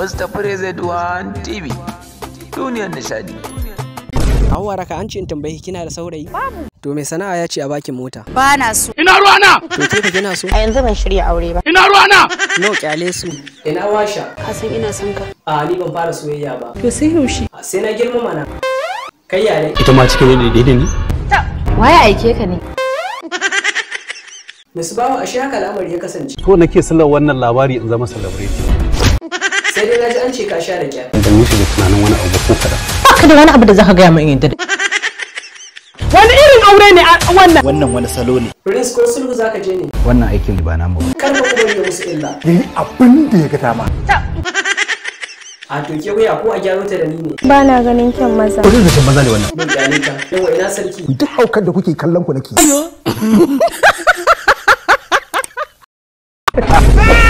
Mustapha Rezaid TV duniyar nishadi. Hauwa raka an ce in tambayi kina da saurayi? To mai sana'a ya ce a bakin mota. Ba na so. Ina ruwa na? To ke ka gina so? A yanzu ban shirya aure ba. Ina ruwa na? No kyale su. Ina washa. Ka san ina son ka. A ni ban fara soyayya ba. To sai yaushe? Sai na girma mana. Kai yare. Ita ma cikin ne daidai ne? Ta. Waye aike ka ne? Nasibawa ashe haka lamari ya kasance. To nake sallar wannan labari in zama celebrity. sai dai naji an ce ka sha da kyar ban yi da tunanin wani abu ko kada ba ka da wani abu da zaka gaya min yadda wani irin aure ne a wannan wannan wani salo ne prince ko sulhu zaka je ne wannan aikin ba na mu Kar ba kuma yi musu illa yayi eh, abin da ya ga dama a toke wuya ko a gyaro ta da ni ne ba na ganin kyan maza ko da kyan maza ne wannan ban gane ka yawa ina sarki duk haukar da kuke kallon ku nake